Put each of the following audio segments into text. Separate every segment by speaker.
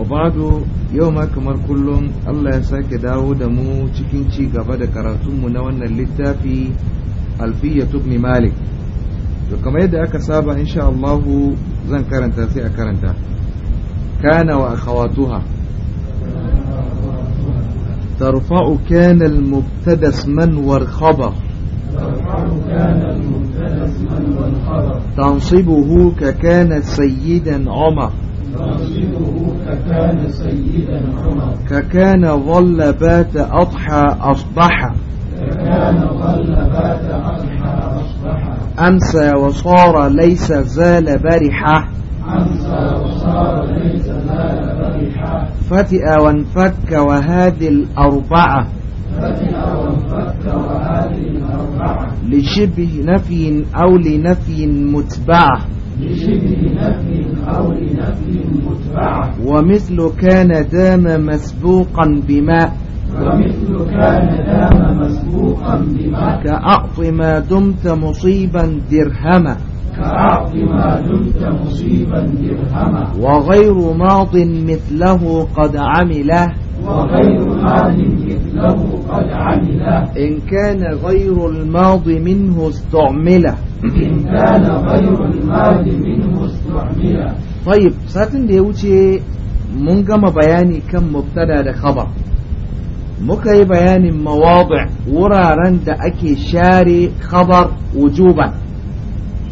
Speaker 1: وبعد يوم مر كلهم الله يساك داود مو تكينشي قبدا كراتم منوانا لتا في الفية ابن مالك وكما يدعى كسابة إن شاء الله زن كارنتا سيء كارنتا كان وأخواتها ترفع كان المبتدس من والخبر تنصبه ككان سيدا عمر ككان سيدا عمر ككان ظل بات أضحى أصبح ككان ظل بات أضحى أصبح أمسى وصار ليس زال برحة أمسى وصار ليس زال برحة فتئ وانفك وهذه الأربعة فتئ وانفك وهذه الأربعة لشبه نفي أو لنفي متبعه ومثل كان دام مسبوقا بما ومثل كان دام مسبوقا بما كأعط ما دمت مصيبا درهما كأعط ما دمت مصيبا درهما وغير ماض مثله قد عمله وغير حال له قد عمل إن كان غير الماضي منه استعمل إن كان غير الماضي منه استعمل طيب ساتن دي وجه منقم بياني كم مبتدا لخبر مكي بياني مواضع ورا رند أكي شاري خبر وجوبا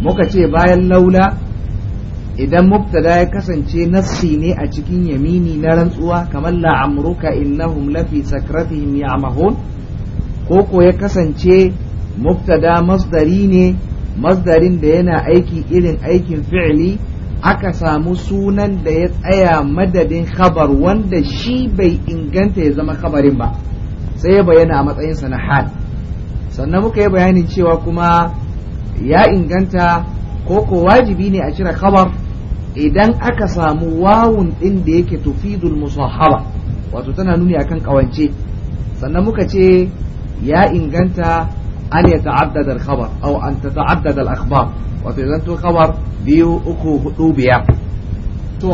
Speaker 1: مكي بايا لولا idan mubtada ya kasance nassi ne a cikin yamini na rantsuwa kamar la'amruka innahum lafi sakratihim ya'mahun ko ko ya kasance mubtada masdari ne masdarin da yana aiki irin aikin fi'li aka samu sunan da ya tsaya madadin khabar wanda shi bai inganta ya zama khabarin ba sai ya bayyana a matsayinsa na hal sannan muka yi bayanin cewa kuma ya inganta ko wajibi ne a cire khabar idan aka samu wawun ɗin da yake tufidul musahaba wato tana nuni akan ƙawance sannan muka ce ya inganta an ya ta'addada al-khabar aw an tata'addada al-akhbar wato idan to khabar biyu uku hudu biyar to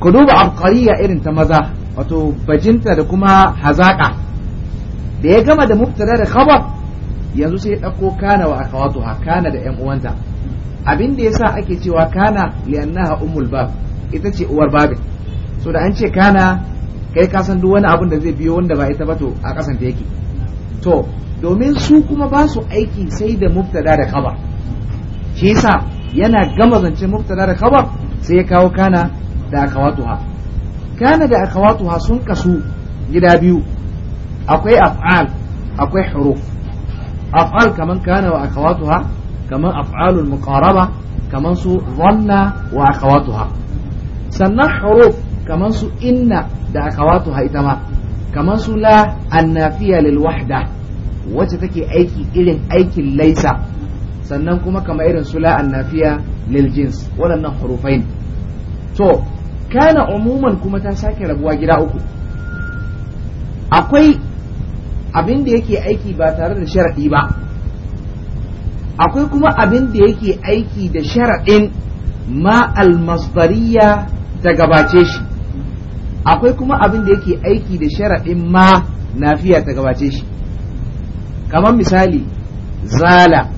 Speaker 1: ku duba abqariya irin ta maza wato bajinta da kuma hazaka da ya gama da mubtada da khabar yanzu sai ya dauko kana wa akhawatuha kana da yan uwanta abin da yasa ake cewa kana li'annaha ummul bab ita ce uwar babin so da an ce kana kai ka san duk wani abin da zai biyo wanda ba ita ba to a kasan ta yake to domin su kuma ba su aiki sai da mubtada da khabar shi yasa yana gama zance mubtada da khabar sai ya kawo kana da akawatuha kana da akawatuha sun kasu gida biyu akwai af'al akwai huruf af'al kaman kana wa akawatuha kamar af'alul muqaraba kamar su zanna wa akhawatuha sannan huruf kamar su inna da akhawatuha ita ma kamar su la annafiya lil wahda wacce take aiki irin aikin laisa sannan kuma kamar irin su la annafiya lil jins waɗannan hurufain to kana umuman kuma ta sake rabuwa gida uku akwai abinda da yake aiki ba tare da sharadi ba akwai kuma abin da yake aiki da sharaɗin ma almasdariya ta gabace shi akwai kuma abin da yake aiki da sharaɗin ma nafiya ta gabace shi kamar misali zala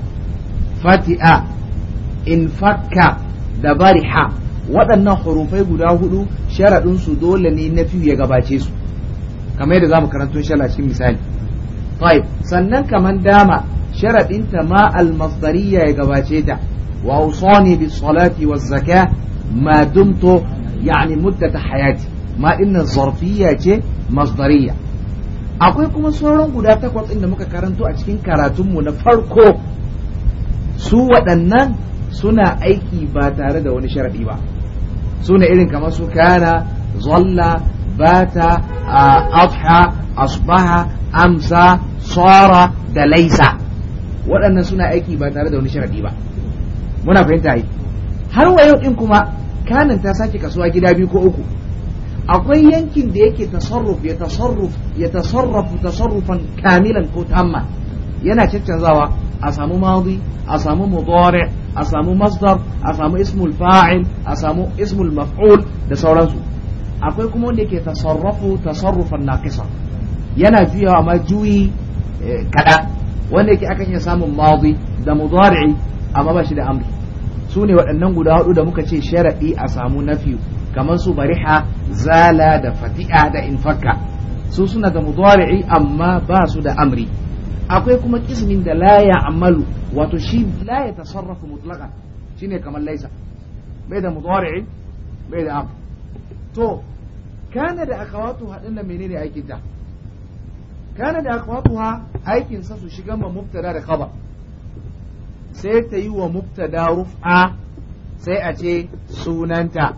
Speaker 1: fati'a infakka da bariha waɗannan hurufai guda hudu sharaɗinsu dole ne na ya gabace su kamar yadda za mu karanto shala cikin misali sannan kaman dama sharaɗinta ma almasdariya ya gabace ta wa usani bis salati waz zaka ma dumtu yani muddat hayati ma dinnan zarfiyya ce masdariya akwai kuma sauran guda takwas inda muka karanto a cikin karatunmu na farko su waɗannan suna aiki ba tare da wani sharaɗi ba suna irin kamar su kana zalla bata adha asbaha amsa sara da laisa waɗannan suna aiki ba tare da wani sharadi ba muna fahimta yi har wa yau din kuma kanin ta sake kasuwa gida biyu ko uku akwai yankin da yake tasarruf ya tasarruf ya tasarrafu tasarrufan kamilan ko tamma yana caccanzawa a samu madi a samu mudari a samu masdar a samu ismul fa'il a samu ismul maf'ul da sauransu akwai kuma wanda yake tasarrafu tasarrufan naqisa yana juyawa ma juyi eh, kada wanda yake akan iya samun madi da mudari'i amma ba shi da amri su ne waɗannan guda hudu da muka ce sharaɗi a samu nafi kamar su bariha zala da fati'a da infakka su suna da mudari'i amma ba su da amri akwai kuma kismin da la ya amalu wato shi la ya tasarrafu mutlaqan shine kamar laisa bai da mudari'i bai da amri to kana da akawatu hadin da menene aikin ta kana da akwatuha aikin sa su shiga ma mubtada da khabar sai ta yi wa mubtada rufa sai a ce sunanta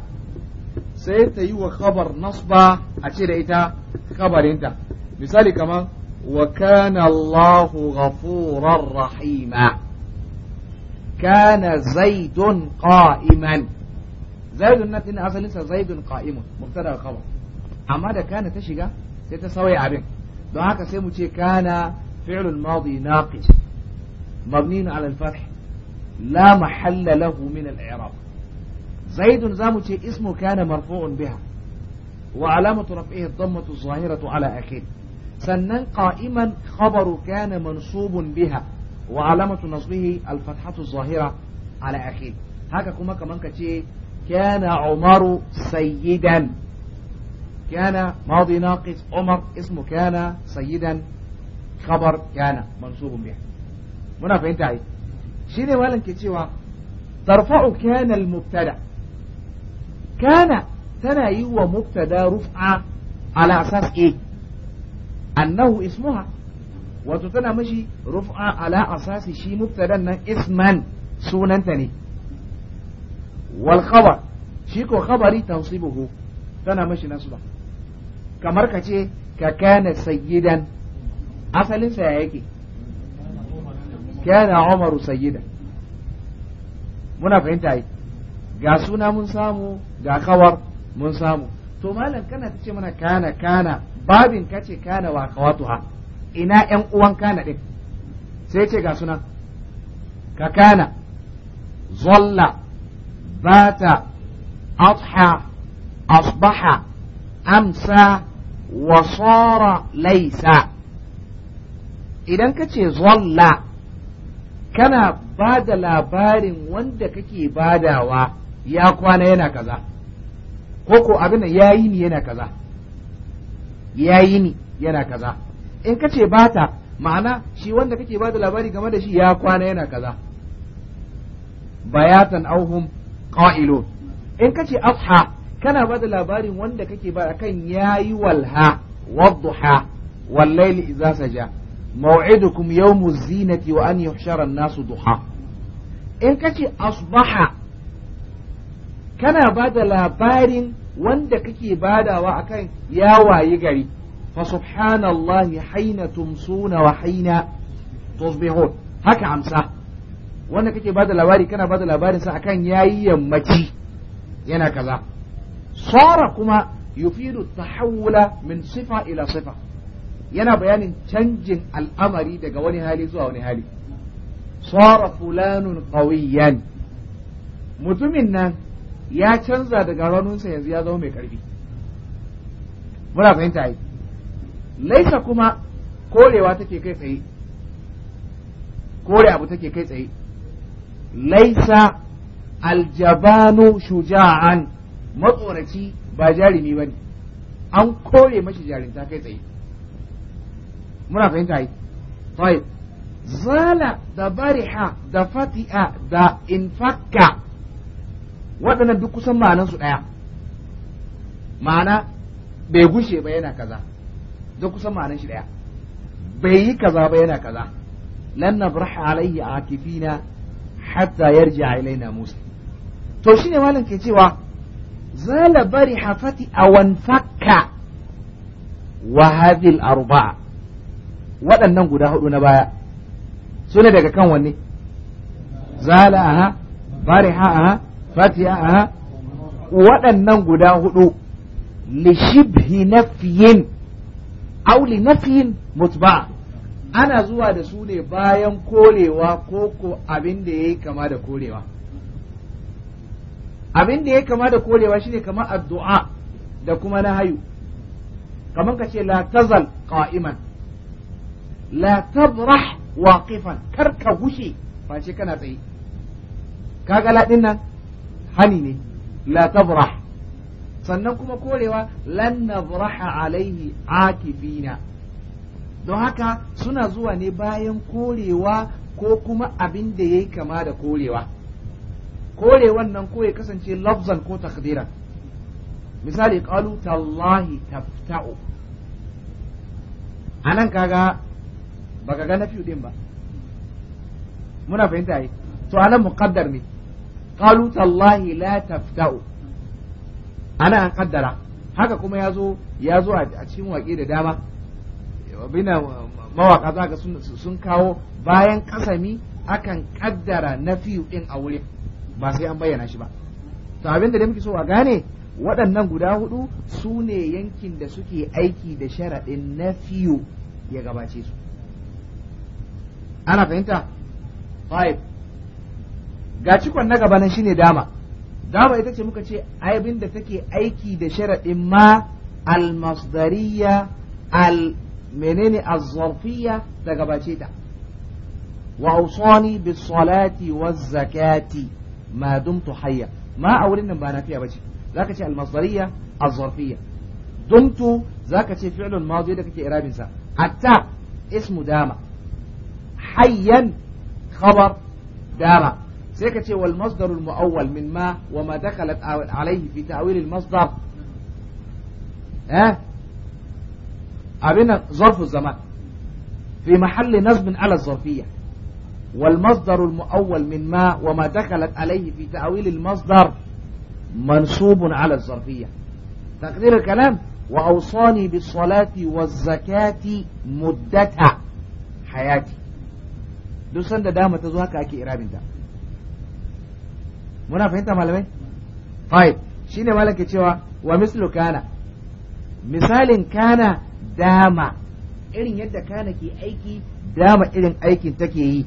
Speaker 1: sai ta yi wa khabar nasba a ce da ita khabarinta misali kamar wa kana Allahu ghafurar rahima kana zaidun qa'iman zaidun nan asalin sa zaidun qa'imun mubtada da khabar amma da kana ta shiga sai ta sauya abin دو دعاك سيمتي كان فعل الماضي ناقص مبني على الفتح لا محل له من الإعراب زيد زامتي اسمه كان مرفوع بها وعلامة رفعه الضمة الظاهرة على اخيه سنن قائما خبر كان منصوب بها وعلامة نصبه الفتحة الظاهرة على اخيه هكا كما كمان كتير
Speaker 2: كان عمر
Speaker 1: سيداً كان ماضي ناقص عمر اسمه كان سيدا خبر كان منصوب به هنا فهمت عليه شنو ولا كتيوا ترفع كان المبتدا كان ثنا هو مبتدا رفع على اساس ايه انه اسمها وتتنا مشي رفع على اساس شيء مبتدا اسما سونا ثاني والخبر شيكو خبري تنصيبه تنا مشي نصبه kamar ka ce ka kana sayyidan asalinsa ya yake kana umaru sayyidan muna fahimta yi ga suna mun samu ga kawar mun samu to malam kana ta ce mana kana kana babin ka ce kana wa kawatuha ina yan uwan kana din sai ce ga suna ka kana zalla bata adha asbaha amsa wa laisa idan ka ce zalla kana ba da labarin wanda kake badawa ya kwana yana kaza ko ko abin ya yi ni yana kaza ya yi ni yana kaza in ka ce bata ma'ana shi wanda kake bada labari game da shi ya kwana yana kaza bayatan auhum qa'ilun in ka ce afha kana bada labarin wanda kake ba akan yayi walha wadduha wal layli idza saja maw'idukum yawmu zinati wa an yuhshara an-nasu duha in kace asbaha kana bada labarin wanda kake badawa akan ya wayi gari fa subhanallahi haina tumsuna wa haina tusbihun haka amsa wanda kake bada labari kana bada labarin sa akan yayi yammaci yana kaza sara kuma yufidu tahawula min sifa ila sifa yana bayanin canjin al'amari daga wani hali zuwa wani hali sara fulanun qawiyan mutumin nan ya canza daga ranunsa yanzu ya zama mai karfi muna fahimta ai laisa kuma korewa take kai tsaye kore abu take kai tsaye laisa aljabanu shuja'an matsoraci ba jarumi ba ne an kore mashi jarinta kai tsaye muna fahimta yi tsaye zala da bariha da fati'a da infakka waɗannan duk kusan ma'anansu ɗaya ma'ana bai gushe ba yana kaza duk kusan ma'anan shi ɗaya bai yi kaza ba yana kaza lan barha alayhi akifina hatta yarji ilaina musa to shine malam ke cewa zala bari hafati a wanfakka wa hadhil arba'a waɗannan guda hudu na baya su ne daga kan wanne zala aha bariha aha fatiha aha waɗannan guda hudu li shibhi nafiyin aw li nafiyin mutba ana zuwa da su ne bayan korewa ko ko abin da yayi kama da korewa abin da ya kama da korewa shine kamar addu'a da kuma na hayu kamar ka ce la tazal qa'iman la tabrah waqifan kar ka gushe face kana tsaye kaga la nan hani ne la tabrah sannan kuma korewa lan nabraha alaihi akibina don haka suna zuwa ne bayan korewa ko kuma abin da yayi kama da korewa kore wannan ko ya kasance lafzan ko takdira misali qalu tallahi tafta'u anan kaga baka ga nafi din ba muna fahimta ai to anan muqaddar ne qalu tallahi la tafta'u ana an kaddara haka kuma yazo yazo a cikin waƙe da dama bina mawaka zaka sun kawo bayan kasami akan kaddara nafi din a wurin ba sai an bayyana shi ba to abin da dai muke so a gane waɗannan guda hudu su ne yankin da suke aiki da sharaɗin na fiyo ya gabace su ana fahimta five ga cikon na gaba nan shine dama dama ita ce muka ce abin da take aiki da sharaɗin ma almasdariya al menene azzarfiya da gabace ta wa usani bis salati waz zakati ما دمت حيا ما أولينا بانا فيها بجي ذاك شيء المصدرية الظرفية دمت ذاك شيء فعل ماضي لك إراب إنسان التاء اسم دامة حيا خبر ذاك شيء والمصدر المؤول من ما وما دخلت عليه في تأويل المصدر ها أبينا ظرف الزمان في محل نصب على الظرفية والمصدر المؤول من ما وما دخلت عليه في تأويل المصدر منصوب على الظرفية تقدير الكلام وأوصاني بالصلاة والزكاة مدة حياتي دو سند دامة زهكا اكي ارابي انت منافع انت مالمين طيب شيني مالك اتشوا ومثل كان مثال كان داما ارين يدى كان كي ايكي داما ارين ايكي تكي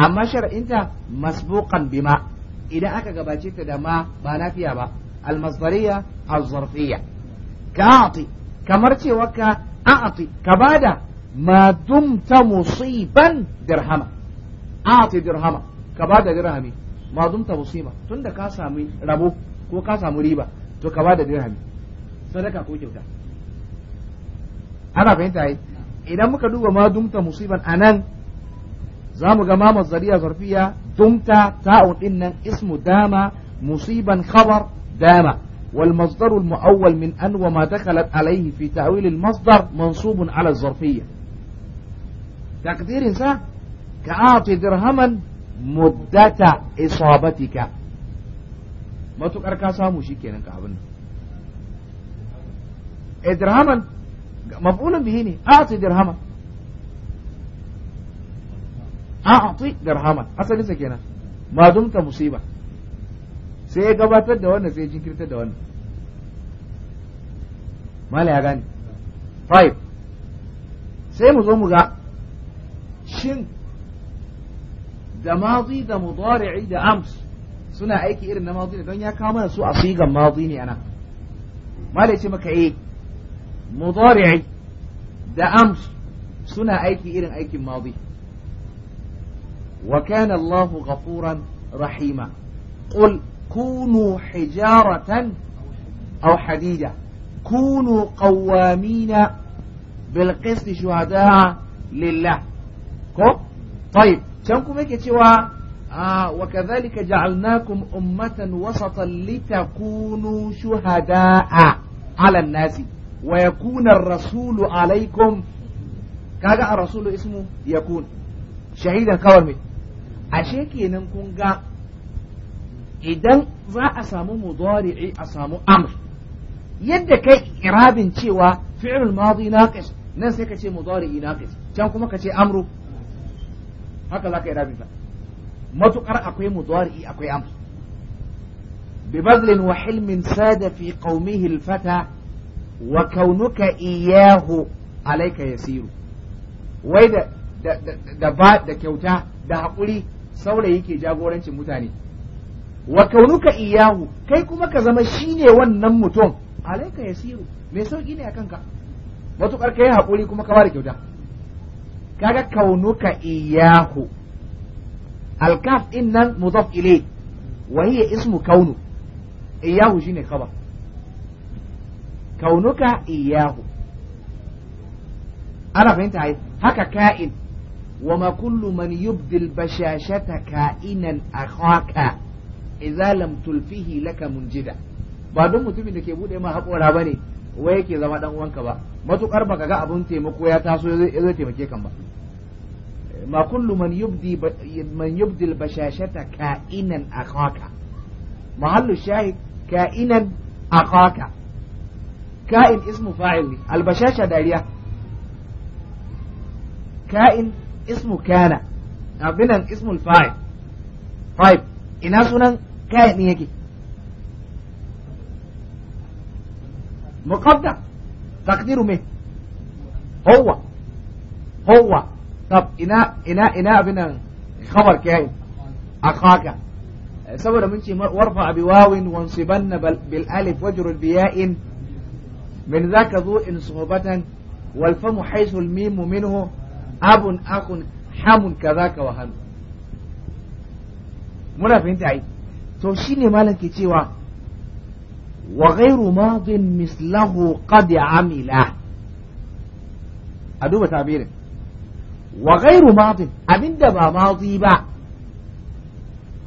Speaker 1: amma shar'inta masbuqan bima idan aka gabace ta da ma ba nafiya ba zarfiya Ka ka'ati kamar cewa ka a'ati ka bada ma dumta musiban dirhama a'ati dirhama ka bada dirhami ma dumta musiba tunda ka sami rabo ko ka samu riba to ka bada dirhami sadaka ko kyauta ana fahimta yi idan muka duba ma dumta musiban anan za mu ga mamar zariya zarfiya dumta ta'un din nan ismu dama musiban khabar dama والمصدر المؤول من أن وما دخلت عليه في تأويل المصدر منصوب على الظرفية تقدير سه كأعطي درهما مدة إصابتك ما تقر كاسامو شي كينان كابن درهما مفعول به ني أعطي درهما a'ti dirhaman asalin sa kenan ma dumta musiba sai ya gabatar da wannan sai ya jinkirtar da wannan mala ya gane five sai mu zo mu ga shin da mazi da mudari'i da ams suna aiki irin na mazi don ya kawo mana su a sigan mazi ne ana mala ce maka eh mudari'i da ams suna aiki irin aikin mazi وكان الله غفورا رحيما قل كونوا حجارة أو حديدة كونوا قوامين بالقسط شهداء لله طيب كم كم تشوا آه، وكذلك جعلناكم أمة وسطا لتكونوا شهداء على الناس ويكون الرسول عليكم كذا الرسول اسمه يكون شهيدا كورمي ashe kenan kun ga idan za a samu mudari'i a samu amr yadda kai irabin cewa fi'il madi naqis nan sai ka ce mudari'i naqis can kuma ka ce amru haka za ka irabin ta matukar akwai mudari'i akwai amr ببذل وحلم ساد في قومه الفتى وكونك إياه عليك يسير وإذا da ba da kyauta da haƙuri saurayi ke jagorancin mutane wa kaunuka iyahu kai kuma ka zama shine wannan mutum alaika yasiru mai sauki ne akan ka yi kai hakuri kuma ka bada kyauta kaga kaunuka iyahu alkaf din nan mudaf ilay wa hiya ismu kaunu iyahu shine khabar kaunuka iyahu ana fahimta ai haka ka'in وما كل من يبدي البشاشة كائنا أخاك إذا لم تلفه لك منجدا ba duk mutumin da ke buɗe ma haƙora ba ne wai yake zama dan uwanka ba Matukar baka ga abun taimako ya taso ya zo taimake ba ma kullu man yubdi man yubdi albashashata mahallu shahid ka'inan akhaka ka'in ka'in اسمه كان قبلا اسمه الفاعل طيب هنا كائن يجي مقدر تقديره مين هو هو طب انا انا انا بنا خبر كائن اخاك سبب من شيء وارفع بواو وانصبن بالالف وجر البياء من ذاك ذو ان والفم حيث الميم منه abun akun hamun kaza ka wahalu muna fahimta ai to shine malam ke cewa wa ghairu madin mislahu qad amila a duba tabirin wa ghairu madin abinda ba madi ba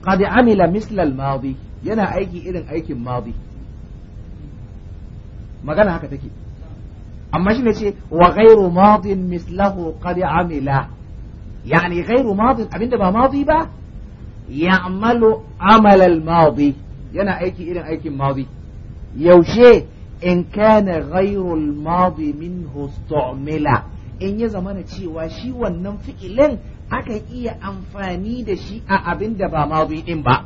Speaker 1: qad amila mislal madi yana aiki irin aikin madi magana haka take amma shi ne ce wa gairu madin mislahu qad amila yani gairu madin abinda ba madi ba ya'malu amal al madi yana aiki irin aikin madi yaushe in kana ghairu al madi minhu istu'mila in ya zamana cewa shi wannan fi'ilin akan iya amfani da shi a abinda ba madi din ba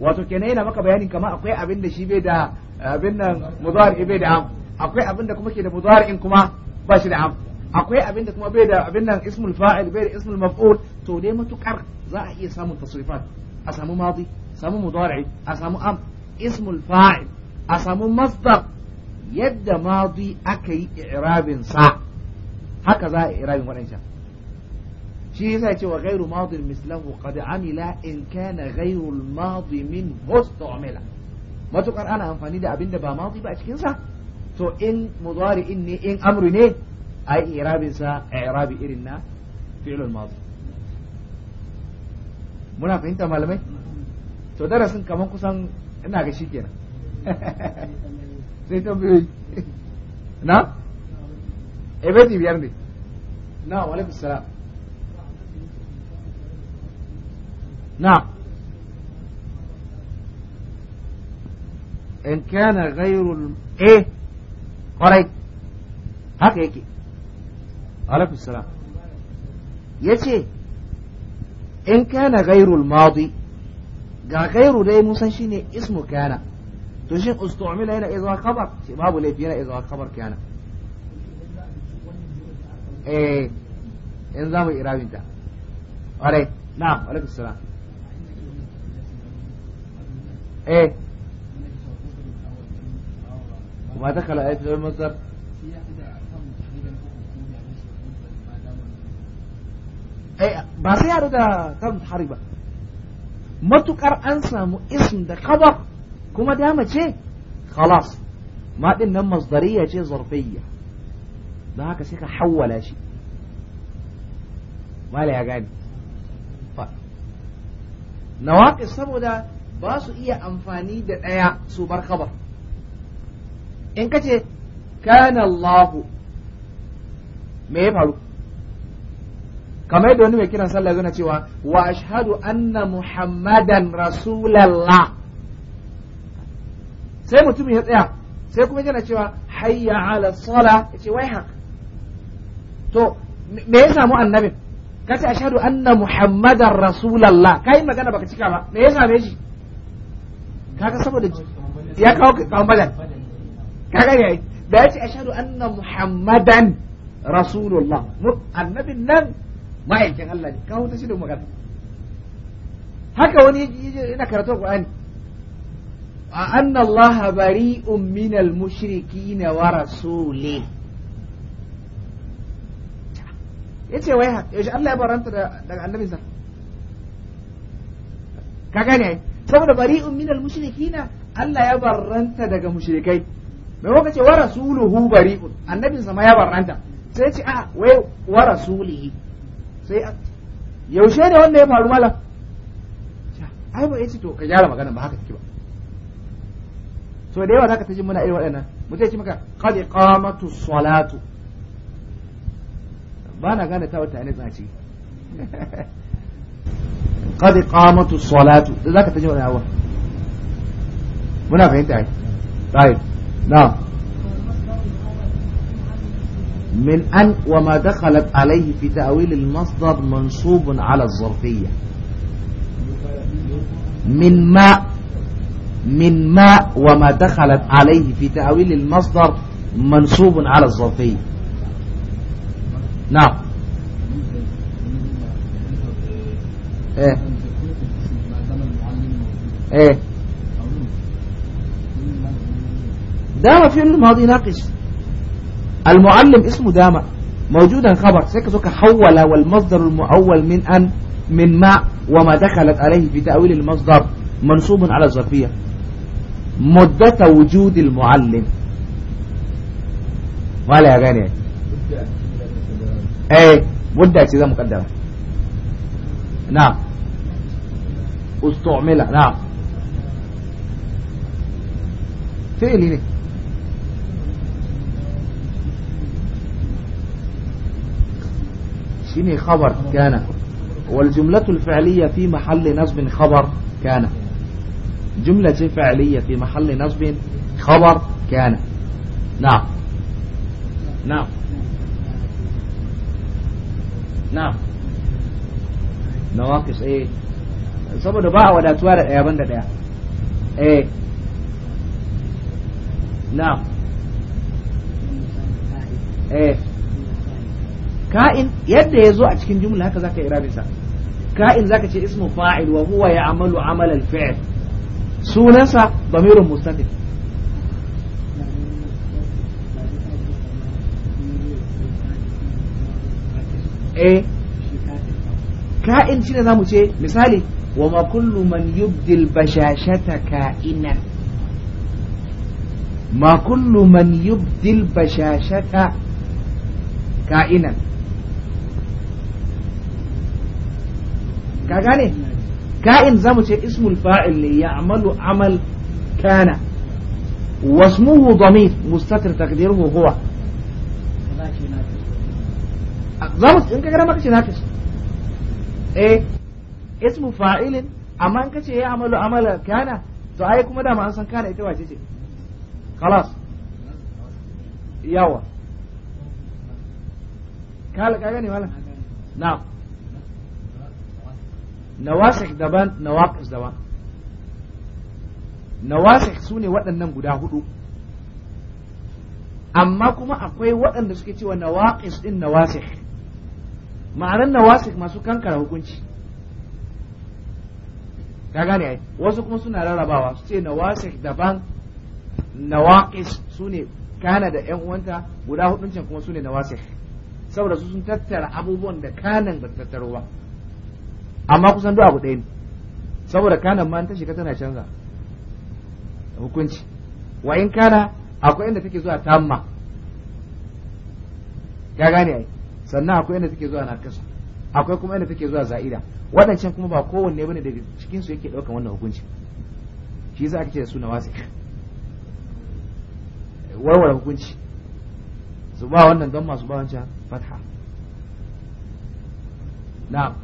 Speaker 1: wato kenan yana maka bayanin kamar akwai abinda shi bai da abin nan muzari bai da am akwai abin da kuma ke da mudari'in kuma ba shi da am akwai abin da kuma bai da abin nan ismul fa'il bai da ismul maf'ul to dai matukar za a iya samun tasrifat a samu madi samu mudari a samu am ismul fa'il a samu masdar yadda madi aka yi i'rabin sa haka za a i'rabin wadancan shi yasa ce wa ghairu madi mislahu qad amila in kana ghairu al-madi minhu istamila matukar ana amfani da abin da ba madi ba a cikin sa to in mudari'in ne in amru ne ai irabin sa i'rabi irin na fi'lul madi muna fahimta malamai to darasin kaman kusan ina ga shi kenan sai tambayoyi na ebeti eh, biyar ne na walaikum salam na in kana ghairul إيه eh? قريت هك هيك عليكم السلام يجي إن كان غير الماضي جا غير ده مسنشين اسمه كان تجين استعمل هنا إذا خبر ما بوليت هنا إذا خبر كان ايه انظام إيراني ده عليك نعم عليكم السلام ايه وما دخل آية غير مصدر بسيارة تم حربة ما تقر أنسى اسم ده خبر كما دهما چه خلاص ما دهنا مصدرية چه ظرفية ده هكا سيكا حولا شي ما لها قاني طيب. ف نواقص سبو ده باسو ايه انفاني ده ايه سوبر خبر in ka ce kana Allahu me ya faru kamar yadda wani mai kiran sallah yana cewa wa ashhadu anna muhammadan rasulallah sai mutum ya tsaya sai kuma yana cewa hayya ala sala ya ce wai haka to me ya samu annabi ka ce ashhadu anna muhammadan rasulallah kai magana baka cika ba me ya same shi kaga saboda ya kawo kambalan كغيري يعني باش اشهد ان محمدا رسول الله مت النبي النم ما يجي الله دي كهو تسيدو مغاد هكا وني يجي يجي نكرتو قران ان الله بريء من المشركين ورسوله yace wai haka yaushe Allah ya baranta daga annabi sa ka gane saboda bari'un minal mushrikina Allah ya baranta daga mushrikai mai waka ce wa rasuluhu bari'un annabin sama ya barranta sai ce a ah, wai wa rasulihi sai a yaushe ne wanda ya faru mala ai ba yace to ka gyara magana ba haka take ba so da yawa zaka ta ji muna irin waɗannan mu ce maka qad iqamatu salatu ba na gane ta wata ne zaci qad iqamatu salatu da zaka ta ji wannan muna fahimta ai right نعم من أن وما دخلت عليه في تأويل المصدر منصوب على الظرفية من ما من ما وما دخلت عليه في تأويل المصدر منصوب على الظرفية نعم ايه ايه في فعل الماضي ناقص المعلم اسمه داما موجودا خبر سيكا حول والمصدر المؤول من أن من ما وما دخلت عليه في تأويل المصدر منصوب على الظرفية مدة وجود المعلم مالي يا غاني ايه مدة اكسدة مقدمة نعم استعملها نعم فعل هنا شيني خبر كان والجملة الفعلية في محل نصب خبر كان جملة فعلية في محل نصب خبر كان نعم نعم نعم نواقص ايه saboda ba ولا توارد da إيه، ɗaya ايه نعم ايه
Speaker 2: ka'in yadda ya zo
Speaker 1: a cikin jumla haka zaka irabinsa ka'in zaka ce ismu fa'il wa huwa ya'malu amal al-fi'l sunansa damirun mustatir eh ka'in ne zamu ce misali wa ma kullu man yubdil bashashata ka'inan ma kullu man yubdil bashashata ka'inan ka gane ka'in za mu ce ismul fa'il ne ya amalu amal kana wasmuhu damir mustatir taqdiruhu huwa zamu in ka gara maka ce na nafis eh ismu fa'ilin amma in ce ya amalu amala kana to ai kuma da ma an san kana ita wace ce خلاص yawa ka gane wala na'am nawasih daban nawaqis daban nawasih sune waɗannan guda hudu amma kuma akwai waɗanda suke cewa nawaqis din nawasih ma'anar nawasih masu kankara hukunci ka gane ai wasu kuma suna rarrabawa su ce nawasih daban nawaqis sune kana da yan uwanta guda hudun can kuma sune nawasih saboda su sun tattara abubuwan da kanan ba tattaro ba amma kusan duk abu ɗaya ne saboda kanan ma ta shiga tana canza hukunci wa in kana akwai inda take zuwa tamma ya gane ai sannan akwai inda take zuwa nakasa akwai kuma inda take zuwa za'ida waɗancan kuma ba kowanne bane daga cikin su yake ɗaukan wannan hukunci shi za a ce da na wasik warware hukunci su ba wannan don masu ba wancan fatha na.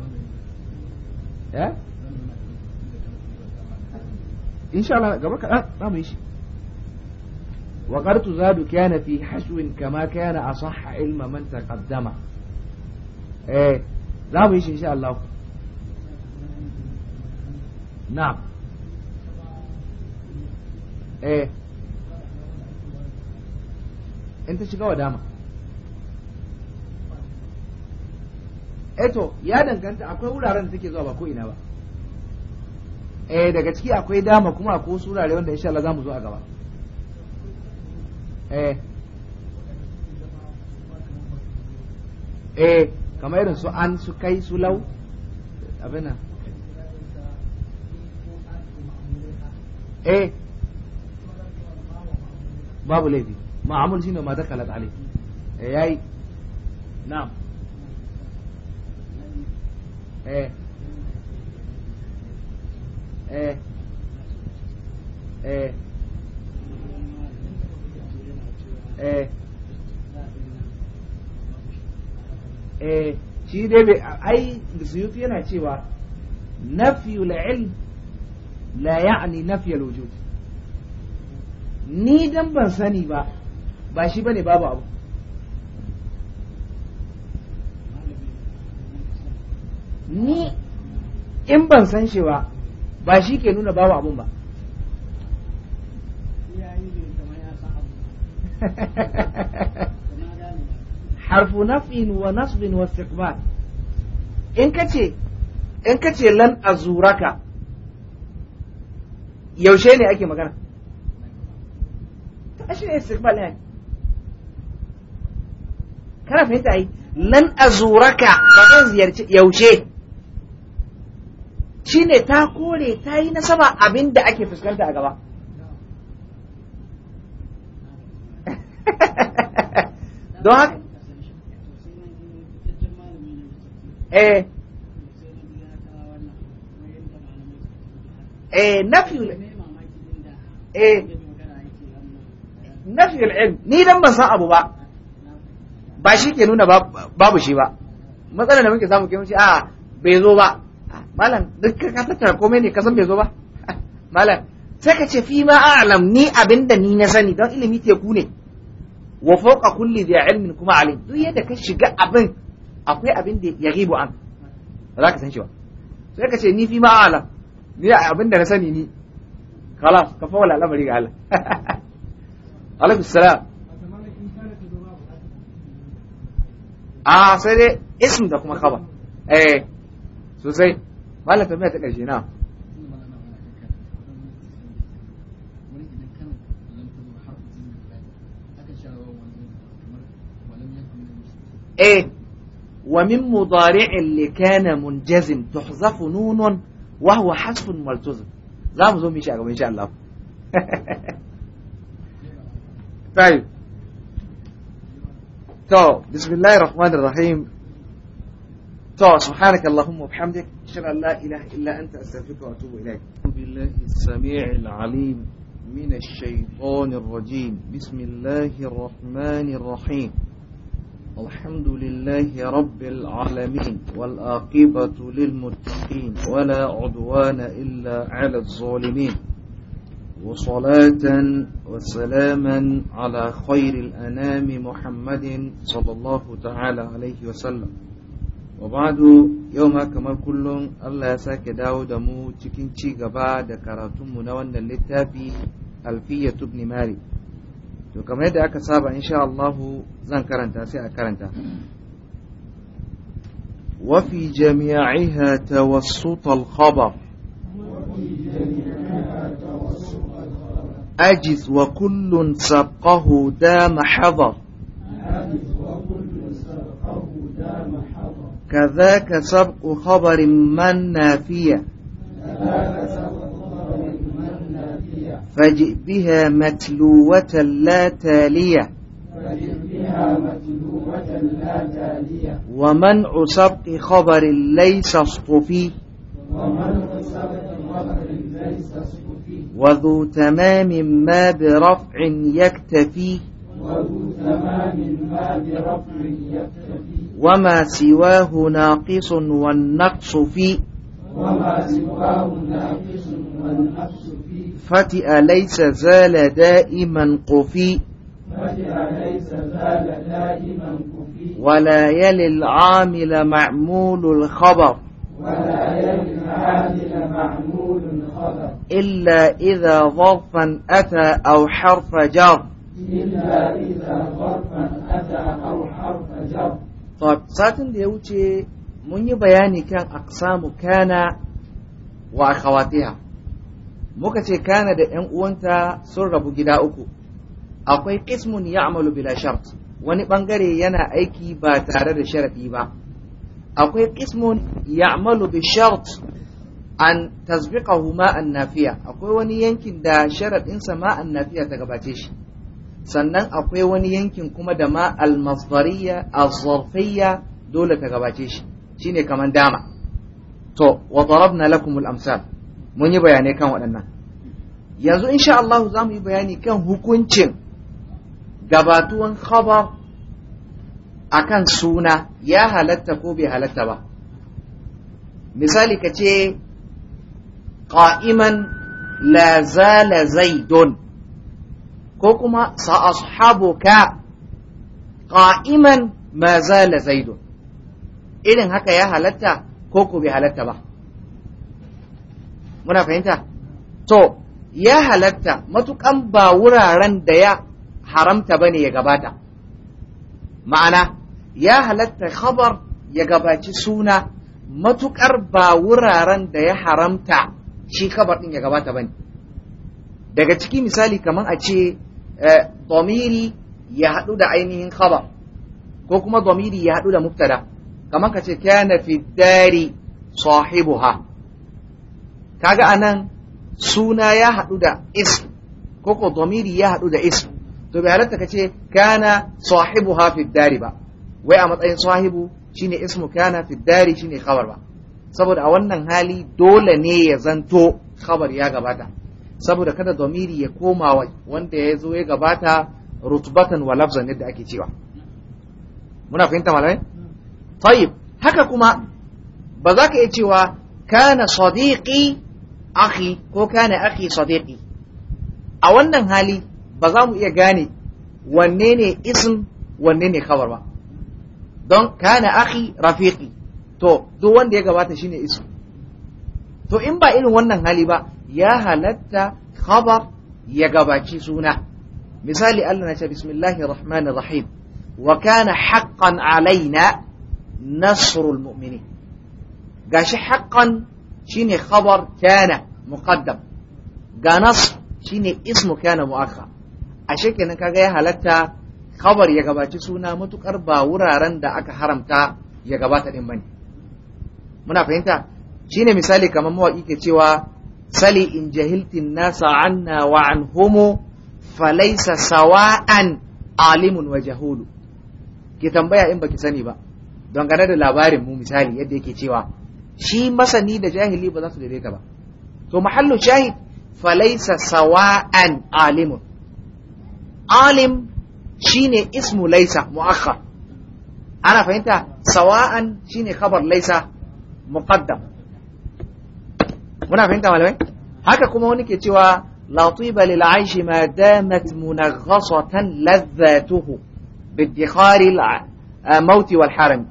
Speaker 1: ان شاء الله قبلك اه ما ماشي وقرت زاد كان في حشو كما كان اصح علم من تقدم ايه لا ماشي ان شاء الله نعم ايه انت شكوى داما eto eh ya danganta akwai wuraren da take zuwa ba ko ina ba eh daga ciki akwai dama kuma akwai wasu wurare wanda insha Allah zamu zo a gaba eh eh kamar irin su an su kai su lau abin nan eh babu laifi ma'amul shine ma dakalat alai eh yayi na'am eh eh eh eh eh shi dai bai ai suyuti yana cewa nafiyul ilm la ya'ni nafiyul wujud ni dan ban sani ba ba shi bane babu abu ni in ban san shi ba ba shi ke nuna babu abun ba harfu naf'in wa nasbin wa istiqbal in kace in kace lan azuraka yaushe ne ake magana ashe ne istiqbal ne kana fahimta ai lan azuraka ba zan ziyarci yaushe shine ta kore ta yi nasaba abin da ake fuskanta a gaba don haka eh eh nafi eh ni dan ban san abu ba ba shi ke nuna babu shi ba matsalar da muke samu ke mun a ah, bai zo ba malam duk ka tattara komai ne ka san bai zo ba malam sai ka ce fi ma a'lam ni abinda ni na sani don ilimi teku ne wa fawqa kulli dhi ilmin kuma alim duk yadda ka shiga abin akwai abin da ya ribu an ba za ka san shi ba sai ka ce ni fi ma a'lam ni abin da na sani ni khalas ka fawala lamari ga Allah alaikum salam a ah, sai dai ism da kuma khabar eh, sosai ولا تنمية الانرجي نعم ايه ومن مضارع اللي كان منجزم تحذف نون وهو حذف ملتزم زعم زوم ان شاء الله ان شاء الله طيب. طيب بسم الله الرحمن الرحيم تو طيب، سبحانك اللهم وبحمدك أشهد أن لا إله إلا أنت أستغفرك وأتوب إليك أعوذ بالله السميع العليم من الشيطان الرجيم بسم الله الرحمن الرحيم الحمد لله رب العالمين والآقبة للمتقين ولا عدوان إلا على الظالمين وصلاة وسلاما على خير الأنام محمد صلى الله تعالى عليه وسلم wa yau ma kamar kullum Allah ya sake dawo da mu cikin ci gaba da karatunmu na wannan littafi alfiya tubni mari to kamar yadda aka saba insha Allahu zan karanta sai a karanta وفي جميعها توسط الخبر أجز وكل سبقه دام حضر كذاك سبق خبر من نافية فجئ بها متلوة لا تالية ومنع سبق خبر ليس اصطفي وذو تمام ما برفع يكتفي وذو تمام ما برفع يكتفي وما سواه ناقص والنقص في وما سواه ناقص والنقص في فتئ ليس زال دائما قفي ولا يلي العامل معمول الخبر ولا يلي العامل معمول الخبر إلا إذا ظرفا أتى أو حرف جر إلا إذا ظرفا أتى أو حرف جر satin da ya wuce mun yi bayani kan aksamu kana wa akhawatiha muka ce kana da ‘yan uwanta sun rabu gida uku akwai ismun ya'malu bila shart wani bangare yana aiki ba tare da sharadi ba akwai ya ya'malu bi shart an tasbiqahu ma'an nafiya akwai wani yankin da ma ma'an nafiya ta gabace shi sannan akwai wani yankin kuma da ma al-masdariya dole ta gabace shi shine kaman dama to wa darabna lakum mun yi bayanai kan waɗannan yanzu insha Allah za mu yi bayani kan hukuncin gabatuwan khabar akan suna ya halatta ko bai halatta ba misali ka ce qa'iman la zala zaidun ko kuma sa ashabuka qa'iman ma zala zaidun irin haka ya halatta ko ko bai halatta ba muna fahimta to ya halatta matukan ba wuraren da ya haramta bane ya gabata ma'ana ya halatta khabar ya gabaci suna matuƙar ba wuraren da ya haramta shi kabar ɗin ya gabata ba ne daga ciki misali kamar a ce Eh, domiri ya haɗu da ainihin khabar ko kuma domiri ya haɗu da mubtada kamar ka ce kana fi dari sahibuha kaga anan suna ya haɗu da ism ko ko domiri ya haɗu da is to bai halatta ka ce kana sahibuha fi dari ba wai a matsayin sahibu shine ismu kana fi dari shine khabar ba saboda a wannan hali dole ne ya zanto khabar ya gabata saboda kada domiri ya koma wanda ya zo ya gabata rutbatan wa lafzan yadda ake cewa muna fahimta malamai tayyib haka kuma ba za ka iya cewa kana sadiqi akhi ko kana akhi sadiqi a wannan hali ba za mu iya gane wanne ne ism wanne ne khabar ba don kana akhi rafiqi to duk wanda ya gabata shine ism to in ba irin wannan hali ba ya halatta khabar ya gabaci suna misali Allah na ce bismillahir rahmanir rahim wa kana haqqan alaina nasrul mu'minin gashi haqqan shine khabar kana muqaddam ga nasr shine ismu kana mu'akhkhar ashe kenan kaga ya halatta khabar ya gabaci suna matukar ba wuraren da aka haramta ya gabata din bane muna fahimta shine misali kamar mawaƙi ke cewa sali in jahiltin nasa anna wa an homo falaisa sawa'an alimun wa jahulu ki tambaya in baki sani ba dangane da labarin mu misali yadda yake cewa shi masani da jahili ba za su daidaita ba to mahallu shahid falaisa sawa'an alimun alim shine ismu laisa mu'akhkhar ana fahimta sawa'an shine khabar laisa muqaddam muna fahimta malamai haka kuma wani ke cewa latiba lil aishi ma damat munaghasatan ladhatuhu bidikhari al mauti wal haram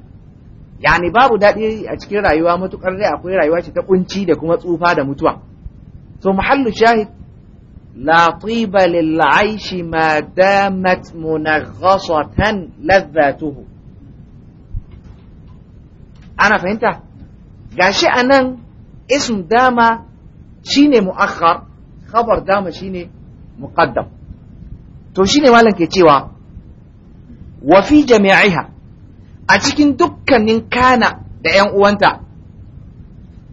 Speaker 1: yani babu dadi a cikin rayuwa matukar dai akwai rayuwa ce ta kunci da kuma tsufa da mutuwa to muhallu shahid latiba lil aishi ma damat munaghasatan ladhatuhu ana fahimta gashi anan ism dama shine mu'akhkhar khabar dama shine muqaddam to shine malam ke cewa wafi fi a cikin dukkanin kana da ‘yan uwanta,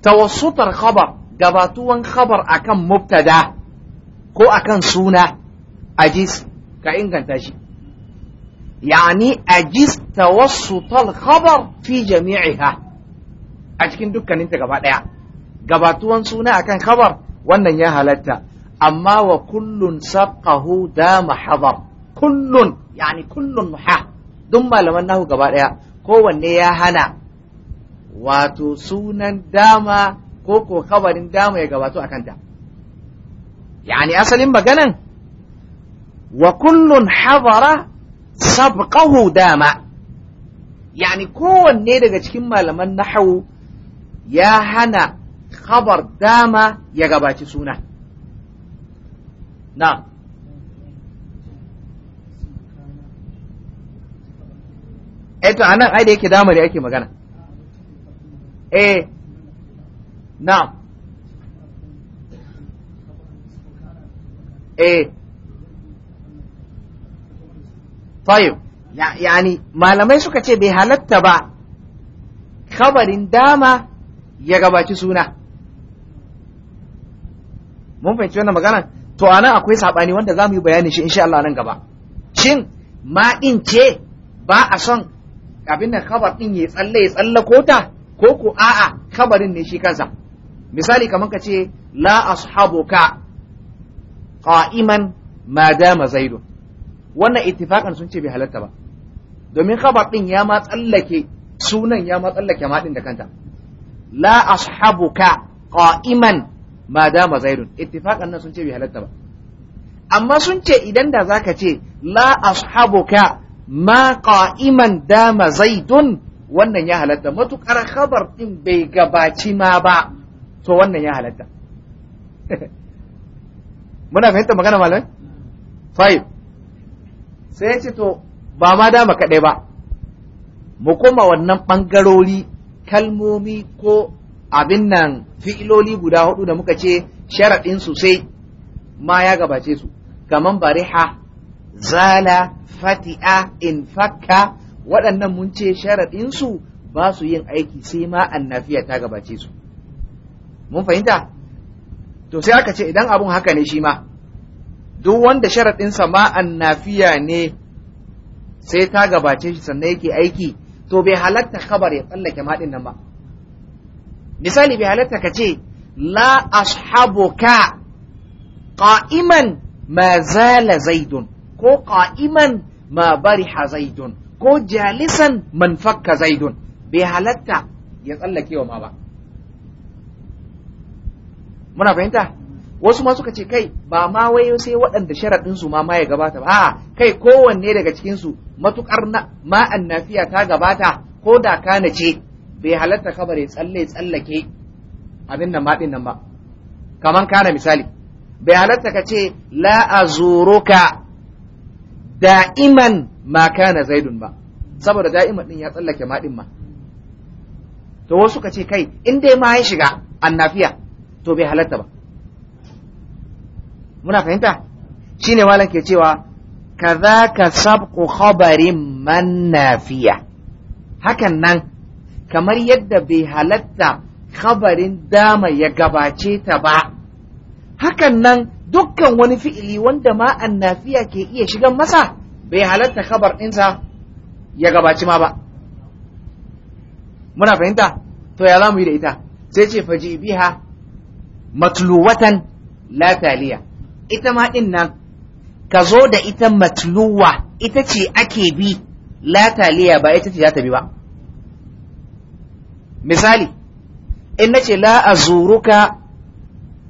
Speaker 1: tawassutar khabar gabatuwan khabar akan mubtada ko akan suna ajis ka inganta shi. Yani ajis tawassutar khabar fi jami'iha a cikin dukkaninta gaba ɗaya. gabatuwan suna akan kabar wannan ya halatta amma wa kullun sabqahu dama hadar kullun yani kullun muha duk malaman nahu gaba daya kowanne ya hana wato sunan dama ko ko kabarin dama ya gabato akan ta yani asalin maganan wa kullun hadara sabqahu dama yani kowanne daga cikin malaman nahu ya hana khabar dama ya gabaci suna na eto anan ai da yake dama da yake magana eh na eh طيب yani malamai suka ce bai halatta ba khabarin dama ya gabaci suna mun fahimci wannan magana to anan akwai sabani wanda za mu yi bayanin shi insha Allah nan gaba shin ma din ce ba a son abin da kabar din ya tsalle ya tsallako ta ko ko a'a kabarin ne shi kansa misali kamar ka ce la ashabuka qa'iman ma dama wannan ittifakan sun ce bai halarta ba domin khabar din ya ma tsallake sunan ya ma tsallake ma din da kanta la ashabuka qa'iman ma dama zaidun ittifaqan nan sun ce bai halatta ba amma sun ce idan da zaka ce la ashabuka ma qa'iman dama zaidun wannan ya halatta matukar khabar din bai gabaci ma ba to wannan ya halatta muna fahimta magana malai fayil sai ya ce to ba ma dama kaɗai ba mu koma wannan ɓangarori kalmomi ko abin nan fi'iloli guda hudu da muka ce sharaɗin su sai ma ya gabace su kaman bariha zala fati'a in waɗannan mun ce sharaɗin su ba su yin aiki sai ma annafiya ta gabace su mun fahimta to sai aka ce idan abun haka ne shi ma duk wanda sharaɗinsa ma annafiya ne sai ta gabace shi sannan yake aiki to bai halatta kabar ya tsallake maɗin nan ba misali bai halatta ka ce la ashabuka qa'iman ma zala zaidun ko qa'iman ma bariha zaidun ko jalisan man fakka zaidun bai halatta ya tsallake wa ma ba muna fahimta wasu ma suka ce kai ba ma wai sai waɗanda sharaɗin su ma ma ya gabata ba a kai kowanne daga cikin su matukar na ma'an nafiya ta gabata ko da kana ce bai halatta kabari tsalle tsallake abin nan maɗin nan ba Kamar kana misali bai halatta ka ce la da'iman ma kana zaidun ba saboda da'iman din ya tsallake maɗin ma to wasu ka ce kai in dai ma ya shiga annafiya to bai halatta ba muna fahimta shine malam ke cewa ka sabqu khabarin man nafiya hakan nan kamar yadda bai halatta khabarin dama ya gabace ta ba hakan nan dukkan wani fi'ili wanda ma annafiya ke iya shigan masa bai halatta khabar ɗinsa ya gabaci ma ba muna fahimta to ya zamu yi da ita sai ce faji biha matluwatan la taliya ita ma ɗin nan ka zo da ita matluwa ita ce ake bi lataliya ba ita ce za ta bi ba misali in nace la azuruka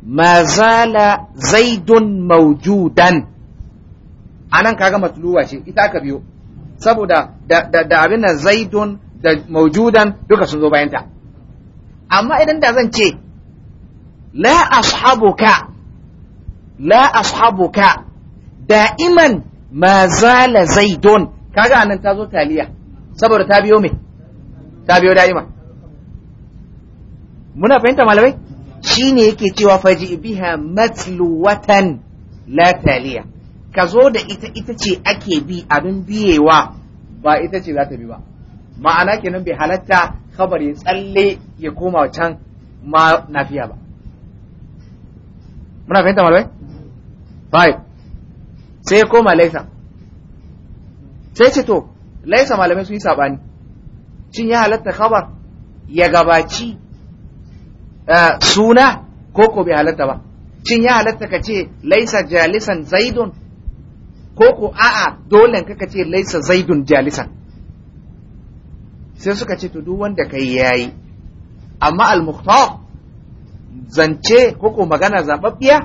Speaker 1: ma zala zaidun maujudan anan kaga matluwa ce ita aka biyo saboda da abin nan zaidun da maujudan duka sun zo bayanta amma idan da zan ce la ashabuka la ashabuka da'iman ma zala zaidun kaga anan ta zo taliya saboda ta biyo me ta biyo da'iman. muna fahimta malamai shine yake cewa faji biha matluwatan la taliya ka zo da ita ita ce ake bi abin biyewa ba ita ce za ta bi ba ma'ana kenan bai halatta khabar ya tsalle ya koma can ma nafiya ba muna fahimta malamai bai sai ya koma laisa sai ce to laisa malamai sun yi sabani shin ya halatta khabar ya gabaci Eh, suna ko ko bai halatta ba cin ya halatta ka ce laisa jalisan zaidun ko ko a'a dole ka ce laisa zaidun jalisan sai suka ce to duk wanda kai yayi amma al muhtar zance ko ko magana zababbiya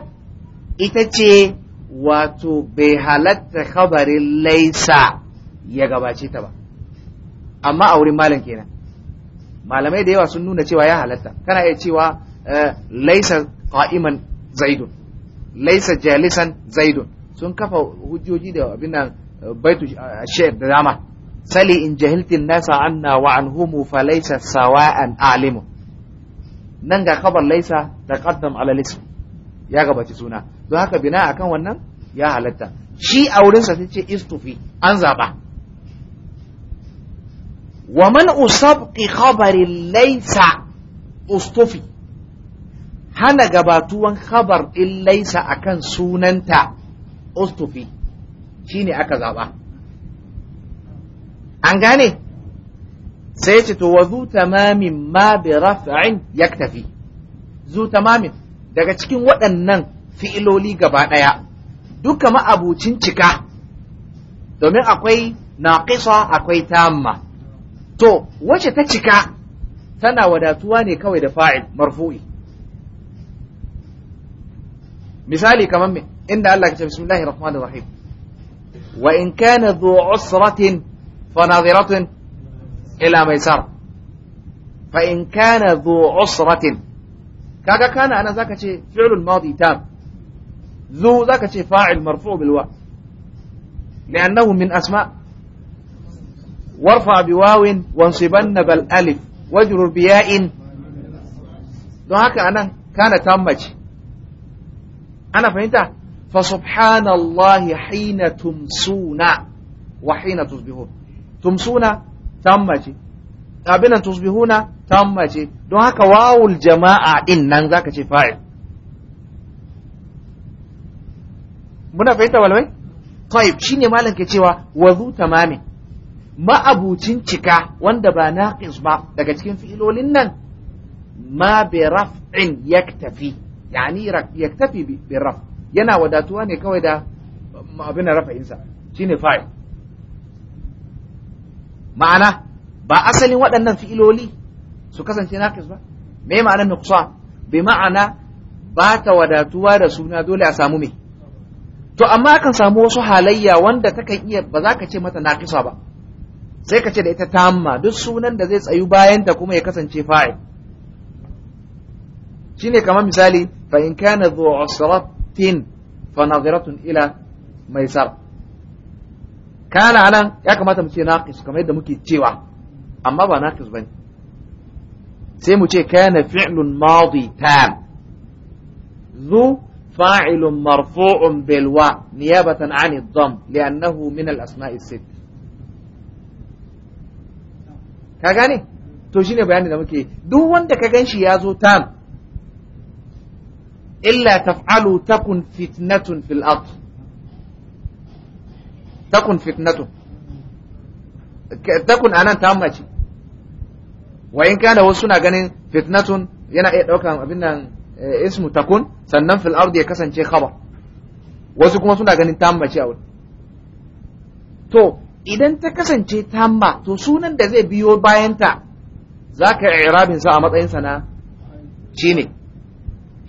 Speaker 1: ita ce wato bai halatta khabarin laisa ya gabace ta ba amma a wurin malam kenan malamai da yawa sun nuna cewa ya halatta kana iya cewa eh, laisa qa'iman zaidun laisa jalisan zaidun sun kafa hujjoji da abin nan eh, baitu eh, shair da dama sali in jahiltin nasa anna wa anhumu fa laisa sawa'an alimun nan ga kabar laisa taqaddam ala lism ya gabaci suna don haka bina akan wannan ya halatta shi a wurinsa sai ce istufi an zaba Waman سبق خبر Laisa اصطفي hana gabatuwan khabar ɗin laisa akan sunanta ustufi shine aka zaɓa an gane sai ce to wa zu ma bi raf'in yaktafi zu tamamin daga cikin waɗannan fi'iloli gaba ɗaya duka ma'abucin cika domin akwai naƙisa akwai tamma to wacce ta cika tana wadatuwa ne kawai da fa'il marfu'i misali kaman me inda Allah ya ce bismillahir rahmanir rahim wa in kana dhu usratin fa nadiratun ila maisar fa in kana dhu usratin kaga kana ana zaka ce fi'lul madi tam dhu zaka ce fa'il marfu' bil wa لأنه من أسماء warfa bi wawin wansibanna bal alif wajrur bi ya'in don haka anan kana tammaci ana fahimta fa subhanallahi hina tumsuna wa hina tusbihun tumsuna tammaci abinan tusbihuna don haka wawul jama'a din nan zaka ce fa'il muna fahimta walwai tayyib shine malam ke cewa wazu tamamin ma'abucin cika wanda ba naqis ba daga cikin fi'ilolin nan ma bi raf'in yaktafi yani yaktafi bi raf yana wadatuwa ne kawai da abin rafa'in sa shine fa'il ma'ana ba asalin waɗannan fi'iloli su kasance naqis ba me ma'anar nuqsan bi ma'ana ba ta wadatuwa da suna dole a samu me to amma kan samu wasu halayya wanda kan iya ba za ka ce mata naqisa ba sai ka ce da ita tamma duk sunan da zai tsayu bayan ta kuma ya kasance fa'il shine kamar misali fa in kana dhu usratin fa nadiratun ila maisar kana anan ya kamata mu ce naqis kamar yadda muke cewa amma ba naqis bane sai mu ce kana fi'lun madi tam ذو فاعل مرفوع بالواو نيابة عن الضم لأنه من الأسماء الست ka gane to shine bayani da muke duk wanda ka ganshi ya zo tam illa taf'alu takun fitnatun fil ard takun fitnatun takun anan tamma ce wa in kana wasu suna ganin fitnatun yana iya daukan abin nan eh, ismu takun sannan fil ard ya kasance khabar wasu kuma suna ganin tamma ce a wurin to idan ta kasance tamma to sunan da zai biyo bayanta za ka yi irabinsa a matsayinsa na shi ne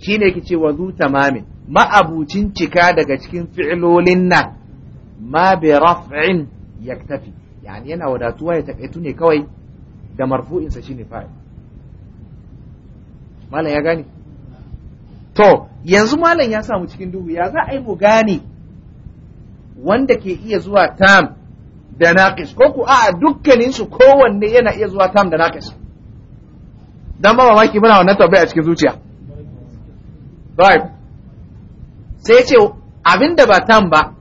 Speaker 1: shi ne kice wa zu tamamin ma'abucin cika daga cikin fi'ilolin nan ma bi raf'in tafi. yani yana wadatuwa ya takaitu ne kawai da marfu'insa shi ne fa'il malam ya gane to yanzu malam ya samu cikin duhu ya za a yi mu gani? wanda ke iya zuwa tam da naƙis ko ku a'a dukkanin su kowanne yana iya zuwa tam da naƙis dan ba mamaki muna wannan tabbai a cikin zuciya right sai ce abinda ba tam ba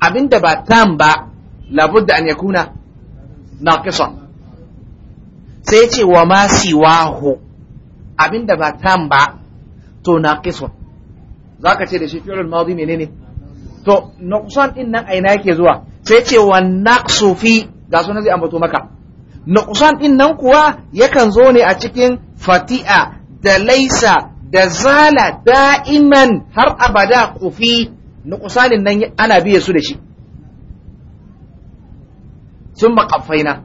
Speaker 1: abinda ba tam ba labudda an yakuna naqisan sai ce wa ma siwahu abinda ba tam ba to naqisun zaka ce da shi fi'il madi menene to nuqsan din nan aina yake zuwa sai ce wa naqsu ga sunan zai ambato maka nuqsan din nan kuwa yakan zo ne a cikin fati'a da laisa da zala da'iman har abada kufi nuqsanin nan ana biye su da shi sun maƙafaina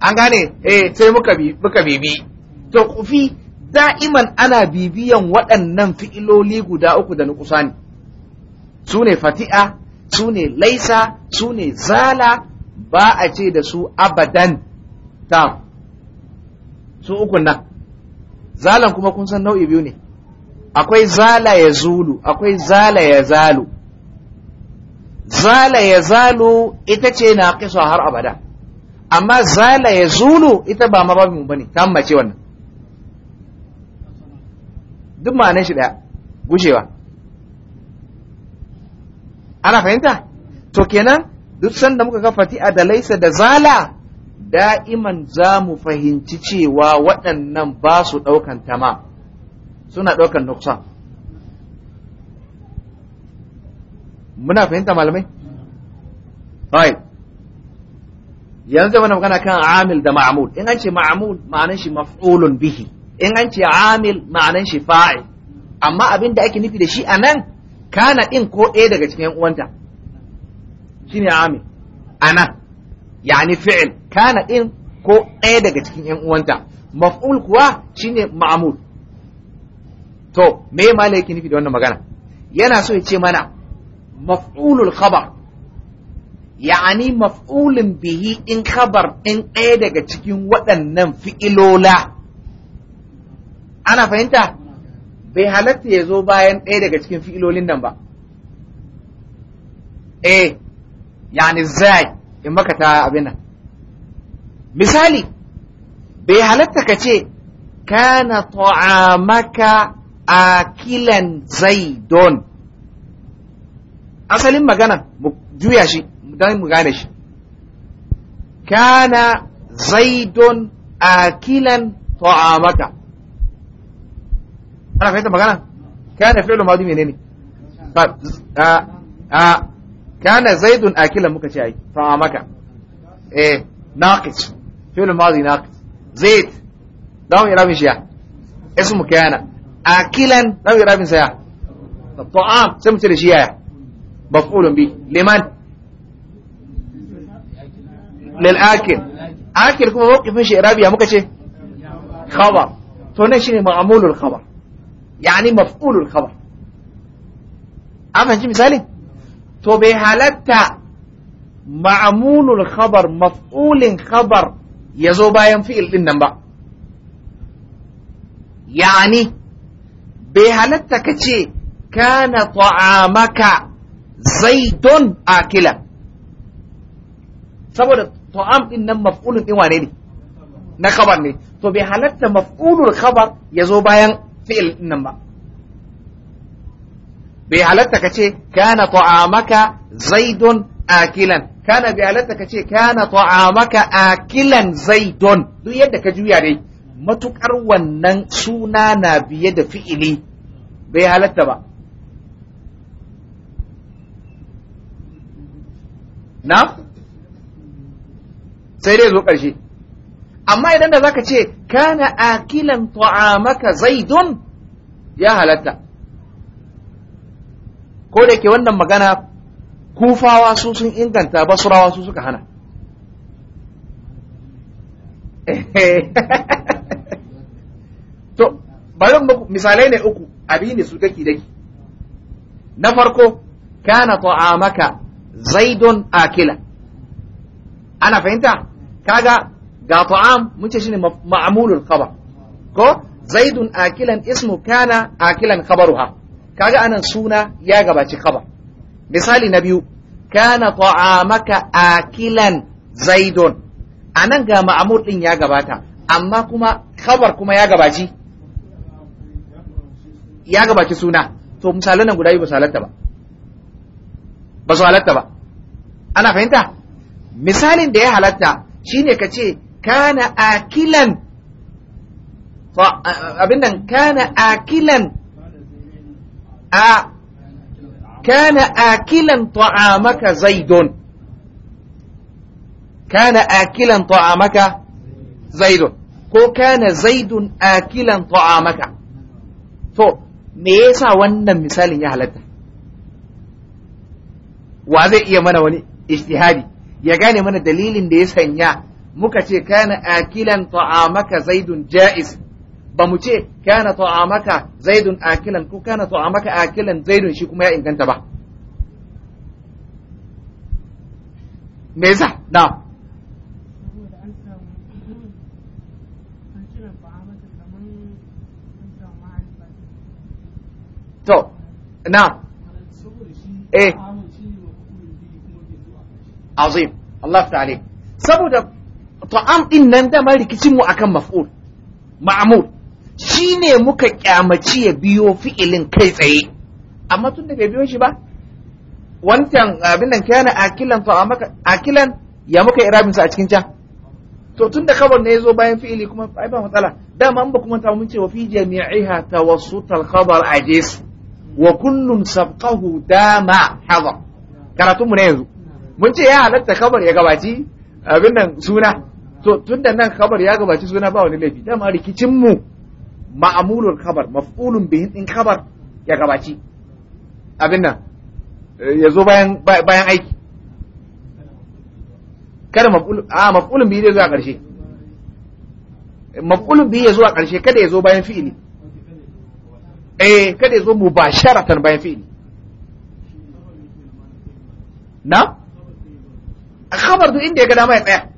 Speaker 1: an gane eh sai muka bibi to kufi da'iman ana bibiyan waɗannan fi'iloli guda uku da nuƙusani. su ne fati'a su ne laisa su ne zala ba a ce da su abadan tam su uku nan zalan kuma kun san nau'i biyu ne akwai zala ya zulu akwai zala ya zalu zala ya zalu ita ce na kisa har abada amma zala ya zulu ita ba mababin ba ne ta mace wannan duk ma'anar shi ɗaya gushewa ana fahimta to kenan duk sanda muka ga fati'a da laisa da zala da'iman za mu fahimci cewa waɗannan ba su ɗaukan tamam suna ɗaukan nuksan muna fahimta malamai yanzu wani magana kan amil da ma'amul in an ce ma'amul ma'anan shi maf'ulun bihi in an ce amil ma'anan shi fa'il amma abin da ake nufi da shi a nan kana ɗin ko ɗaya daga cikin uwanta shine amin, ana ni fi'il kana ɗin ko ɗaya daga cikin ‘yan uwanta maf'ul kuwa shine ma'amul to me ma laiki nufi da wannan magana yana so ya ce mana maf'ulul khabar yaani maf'ulin bihi in khabar in ɗaya daga cikin waɗannan fi'ilola ana fahimta bai halatta ya zo bayan ɗaya daga cikin fi'ilolin nan ba eh yani zai in maka ta abin nan misali bai halatta ka ce kana ta'amaka akilan don. asalin magana mu juya shi don mu gane shi kana zaidon akilan ta'amaka أنا فهمت ما كان فعل ماضي منين؟ طيب آه آه كان زيد أكل ممكن شيء فأمك إيه ناقص فعل ماضي ناقص زيد دام يرى من شيء اسمه كان أكلا دام يرى من شيء الطعام سمت الأشياء مفعول به لمن للآكل آكل كم موقف من شيء رابي ممكن شيء خبر تونا معمول الخبر يعني مفقول الخبر افهم تو بهالتا إيه معمول الخبر مفقول خبر يزوبا ينفي الانبا يعني بهالتا كشي كان طعامك زيد اكلا سبب طعام ان مفعول ايه نخبرني تو بهالتا مفقول الخبر يزوبا ين fi'il nan ba bai halatta ka ce kana ta'amaka zaidun akilan kana bai halatta ka ce kana ta'amaka akilan zaidun duk yadda ka juya dai matukar wannan suna na biye da fi'ili bai halatta ba na sai dai zo ƙarshe amma idan da zaka ce kana akilan ta'amaka zaidun ya halatta ko da ke wannan magana kufawa su sun inganta basurawa su suka hana to bari misalai ne uku abi su daki daki na farko kana ta'amaka zaidun akila ana fahimta kaga ga ta'am mun ce shine ma'amulul khabar ko zaidun akilan ismu kana akilan khabaruha kaga anan suna ya gabaci khabar misali na biyu kana ta'amaka akilan zaidun anan ga ma'amul din ya gabata amma kuma khabar kuma ya gabaci ya gabaci suna to misalan nan guda biyu ba su ba ba su halatta ba ana fahimta misalin da ya halatta shine ka ce kana akilan abin nan kana akilan a kana akilan ta'amaka zaidun kana akilan ta'amaka zaidun ko kana zaidun akilan ta'amaka to me yasa wannan misalin ya halatta wa zai iya mana wani ijtihadi ya gane mana dalilin da ya sanya muka ce kana akilan ta'amaka zaidun ja'iz ba mu ce kana ta'amaka zaidun akilan ko kana ta'amaka akilan zaidun shi kuma ya inganta ba me yasa na to na eh azim Allah ta saboda ta'am din nan dama rikicin mu akan maf'ul ma'mul shine muka kyamaci ya biyo fi'ilin kai tsaye amma tun da bai biyo shi ba wancan abin nan kana akilan fa akilan ya muka irabin a cikin can to tun da khabar ne yazo bayan fi'ili kuma ai ba matsala dama an ba kuma ta mun ce wa fi jami'iha tawassutal khabar ajis wa kullun sabqahu dama hadha karatun mu ne yanzu mun ce ya halatta kabar ya gabaci abin nan suna to tunda nan khabar ya gabaci suna ba wani laifi dama rikicin mu ma'amulul khabar maf'ulun bihin din khabar ya gabaci abin nan eh, ya zo bayan bayan aiki kada maf'ul a maf'ulun bihi zai zo a ƙarshe maf'ulun bihi ya zo a ƙarshe kada ya zo bayan fi'ili eh kada ya zo mubasharatan bayan fi'ili na khabar duk inda ya ga dama ya tsaya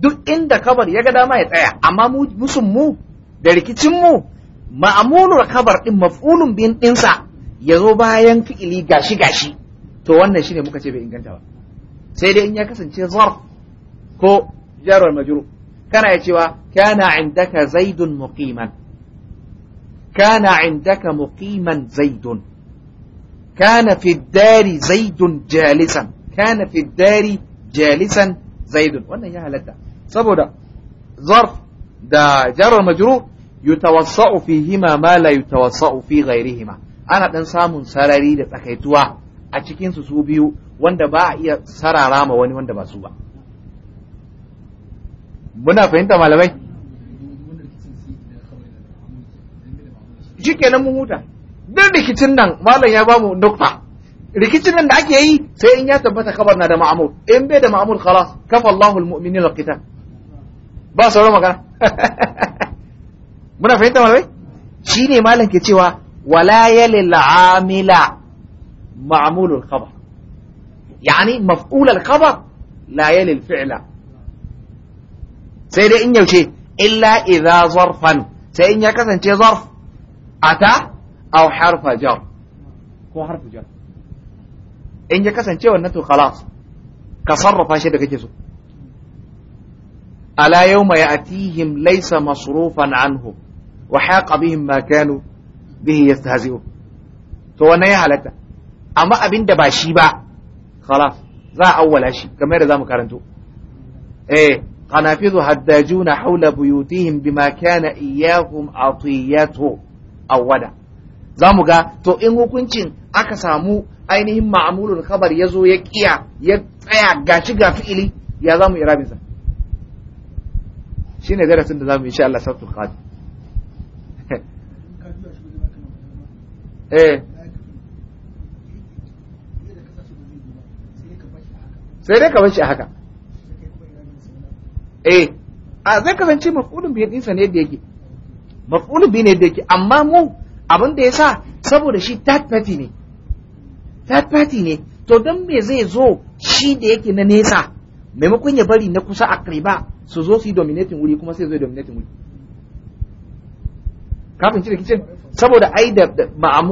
Speaker 1: duk inda kabar ya ga dama ya tsaya amma musun mu da rikicin mu ma'amulur kabar din maf'ulun bin dinsa ya zo bayan fi'ili gashi gashi to wannan shine muka ce bai inganta ba sai dai in ya kasance zarf ko jarwar majru kana ya cewa kana indaka zaidun muqiman kana indaka muqiman zaidun kana fi dari zaidun jalisan kana fi dari jalisan zaidun wannan ya halatta saboda zarf da jarar majrur yutawassa'u fihima ma la yutawassa'u fi ghairihima ana dan samun sarari da tsakaituwa a cikin su su biyu wanda ba a iya sarara ma wani wanda ba su ba muna fahimta malamai shikenan mun huta duk rikicin nan malam ya bamu nukta rikicin nan da ake yi sai in ya tabbata kabar na da ma'amul in bai da ma'amul khalas kafa Allahul mu'minin al ba sauran magana muna fahimta malamai shi ne malam ke cewa wala yalil amila ma'mulul khabar yani maf'ulul khabar la yalil fi'la sai dai in yaushe illa idza zarfan sai in ya kasance zarf ata aw harfa jar ko harfu jar in ya kasance wannan to khalas ka sarrafa shi da kake so ألا يوم يأتيهم ليس مصروفا عنهم وحاق بهم ما كانوا به يستهزئون to wannan ya halatta amma abin da ba shi ba khalas za a awwala shi kamar yadda zamu karanto eh qanafidu haddajuna hawla buyutihim bima kana iyyahum atiyatu awwada zamu ga to in hukuncin aka samu ainihin ma'amulul ya zo ya kiya ya tsaya ga fi'ili ya Shi ne darasin da za yi insha Allah sabtul qadi eh sai dai ka bar shi a haka eh a zai kasance maf'ulun bihi dinsa ne yadda yake maf'ulun biyu ne yadda yake amma mu abin da ya sa saboda shi third party ne third party ne to don me zai zo shi da yake na nesa maimakon ya bari na kusa a kariba su zo su yi dominating wuri kuma sai zo dominating wuri kafin cire da kicin saboda ai da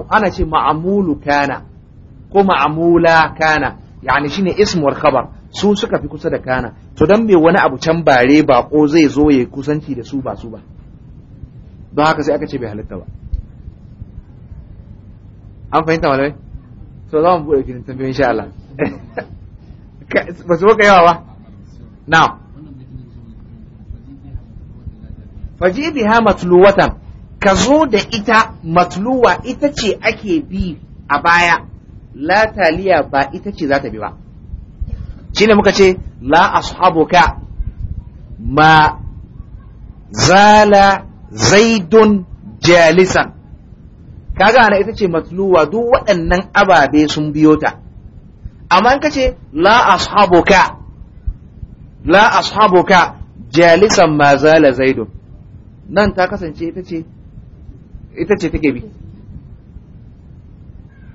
Speaker 1: ana ce ma'amulu kana ko ma'amula kana yani shine ism wal khabar su suka fi kusa da kana to dan me wani abu can bare ko zai zo ya kusanci da su ba su ba don haka sai aka ce bai halitta ba an fahimta malamai so za mu buɗe filin tambayoyi insha Allah ba su yawa ba na'am faje biha matluwatan ka zo da ita matluwa ita ce ake bi a baya la taliya ba ita ce za ta bi ba ne muka ce la ashabuka ma zala zaidun jalisan kaga ana ita ce matluwa duk waɗannan ababe sun biyo ta amma kace la ashabuka la ashabuka jalisan ma zala zaidun nan ta kasance ita ce ita ce take bi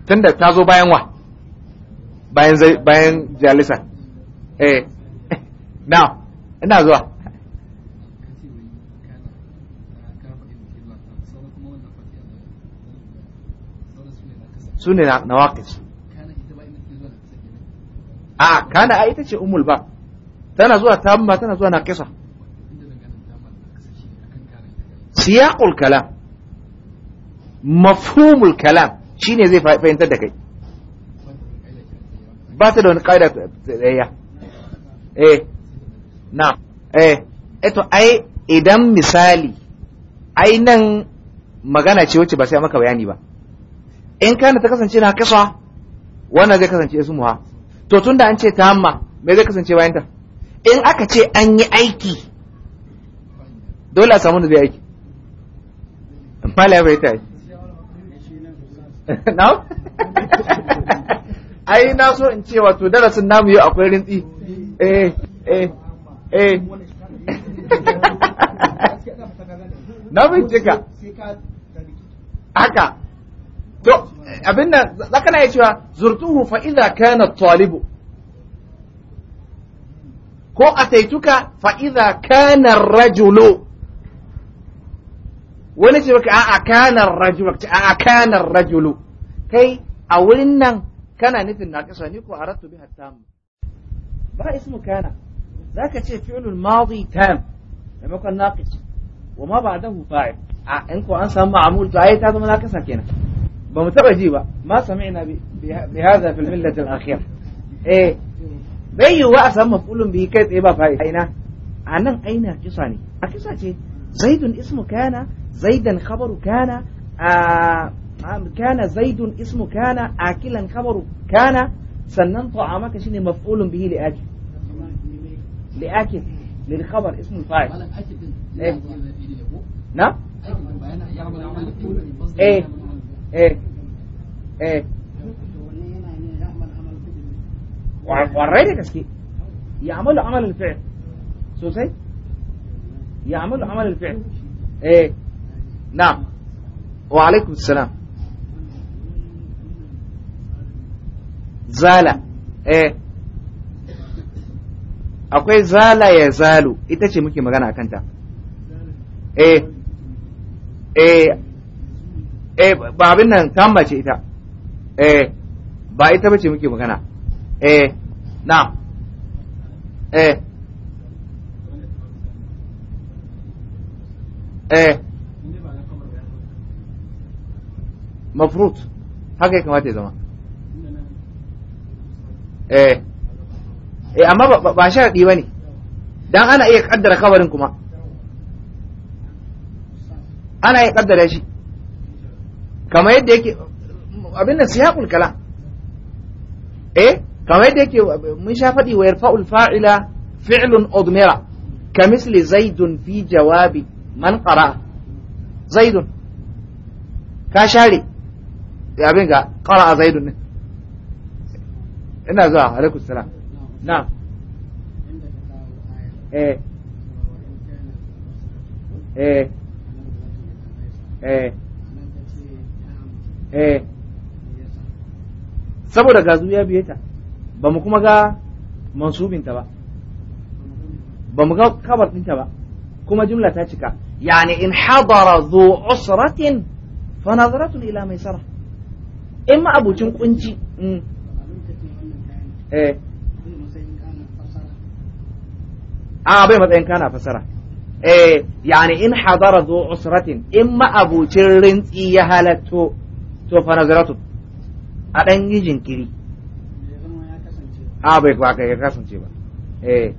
Speaker 1: tunda ta zo bayan wa bayan bayan jalisa eh now ina zuwa su ne na waƙis a ah, kana a ita ce umul ba tana zuwa tamma tana zuwa na kisa siyaqul kalam mafhumul kalam shine zai fahimtar da kai ba ta da wani ƙa'ida tsayayya eh na eh, eh ai idan misali ai nan magana ce wacce ba sai maka bayani ba in kana ta kasance na kasa wannan zai kasance ismuha to tun da an ce ta hamma me zai kasance bayanta in aka ce an yi aiki dole a samu da zai aiki mala a tashi na ai na so in ce wato darasin namu yau akwai rintsi eh eh eh na bincika haka to abin nan zaka na cewa zurtuhu fa'iza kana talibu ko a taituka fa'iza kana rajulo. wani ce maka a'a kanar rajul a'a kanar rajulu kai a wurin nan kana nufin kasa ni ko aratu bi tam ba ismu kana zaka ce fi'lul madi tam maka naqis wa ma ba'dahu fa'il a in ko an samu ma'mul to ai ta zama na kasa kenan ba mu taba ji ba ma sami'na bi hadha fil millat al akhir eh bai wa a samu mafulun bi kai tsaye ba fa'il aina a nan aina kisa ne a kisa ce زيد اسم كان زيدا خبر كان كان زيد اسم كان آكلا خبر كان سنن طعامك شنو مفعول به لآكل لآكل للخبر اسم الفاعل إيه؟ نعم ايه ايه ايه warai da gaske ya amalu amalin fi'il sosai يعمل عمل الفعل ايه نعم وعليكم السلام زال ايه akwai zala ya zalo. ita ce muke magana a kanta eh eh eh ba abin nan kamba ce ita eh ba ita ce muke magana eh na eh Eh. mafrut haka ya kamata ya zama eh, eh amma ba sharaɗi ba ne don ana iya kaddara kabarin kuma ana iya kaddara shi kamar yadda yake abin nan siyaqul kalam eh kamar yadda yake mun sha faɗi wa yarfa'ul fa'ila fi'lun udmira kamisli zaidun fi jawabi man ƙara zaidun ka share abin ga ƙara a zaidun ne ina zuwa alaikum salam na'am eh. Eh. eh eh saboda gazu ya biye ta ba mu kuma ga mansubinta ba ba mu ga kabar ɗinta ba kuma jumla ta cika yani in hadara zu usratin fa nazaratu ila maisara in ma abucin kunci mm. eh a bai matsayin kana fasara eh yani in hadara zu usratin in ma abucin rintsi ya halatto to fa nazaratu a dan yi jinkiri a bai kwa kai ya kasance ba eh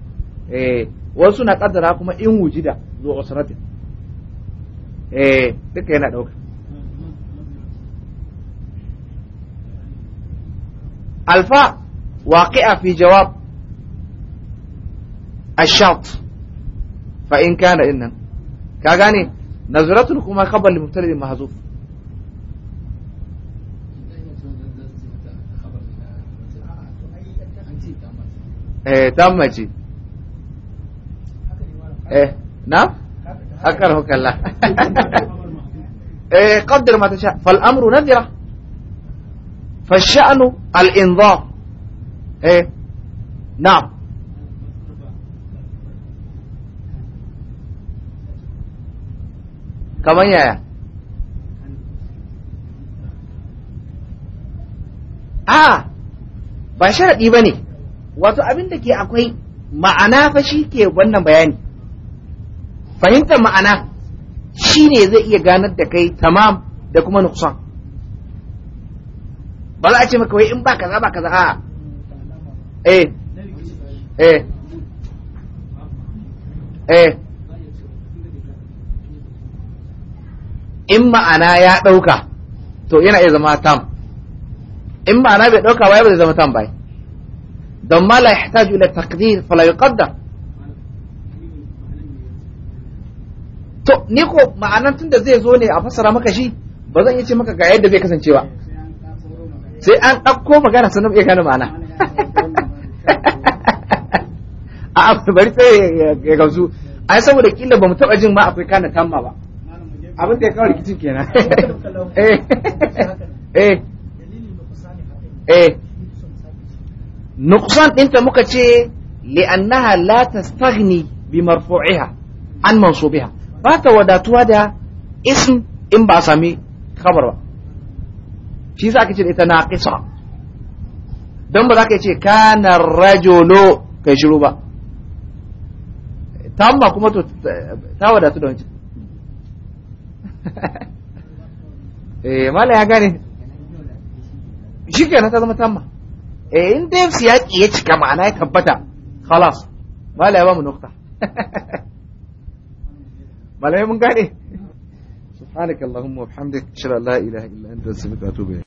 Speaker 1: eh wasu na kaddara kuma in wujida zuwa usratin eh duka yana dauka alfa waqi'a fi jawab الشرط فإن كان Ka gane. نظرة kuma خبر لمبتدئ محذوف eh tamma ce eh na akarhu kallah eh qaddar ma tasha fal amru nadira fa sha'nu al inzar a ba sharaɗi ba ne wato abin da ke akwai ma'ana fa shi ke wannan bayani fahimtar ma'ana shi ne zai iya ganar da kai tamam da kuma nuksan ba za a ce maka wai in ba kaza ba kaza a eh eh eh in ma'ana ya ɗauka to yana iya zama tam in ma'ana bai ɗauka ba ya bai zama tam bai don ma la yahtaju ila taqdir la yuqaddar to ni ko ma'anar tunda zai zo ne a fassara maka shi ba zan yi ce maka ga yadda zai kasance ba sai an ɗauko magana sannan iya gane ma'ana a bari sai ya gamsu ai saboda kila ba mu taɓa jin ma akwai kana tamma ba abin da ya kawo rikicin kenan eh eh eh nuqsan ɗinta muka ce li'annaha la tastaghni bi marfu'iha an mansubiha ba ta wadatuwa da ism in ba sami khabar ba shi za ka ce ita na ƙisa don ba za ka ce kana rajolo kai shiru ba ta amma kuma to ta wadatu da wancan eh mala ya gane shi kenan ta zama tamma eh in dai siyaki ya cika ma'ana ya tabbata khalas mala ya ba mu nukta malamai mun gane subhanakallahumma wa bihamdika ashhadu an la ilaha illa anta astaghfiruka wa atubu